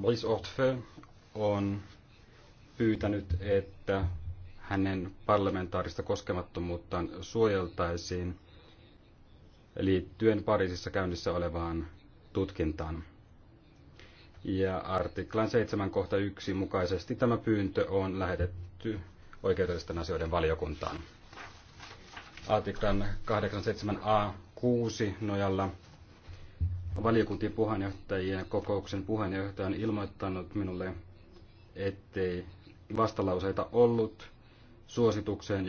Boris Ortfe on pyytänyt, että hänen parlamentaarista koskemattomuuttaan suojeltaisiin liittyen Pariisissa käynnissä olevaan tutkintaan. Ja artiklan 7 kohta 1 mukaisesti tämä pyyntö on lähetetty oikeudellisten asioiden valiokuntaan. Artiklan 87a 6 nojalla valiokuntien puheenjohtajien kokouksen puheenjohtaja on ilmoittanut minulle, ettei vastalauseita ollut suositukseen.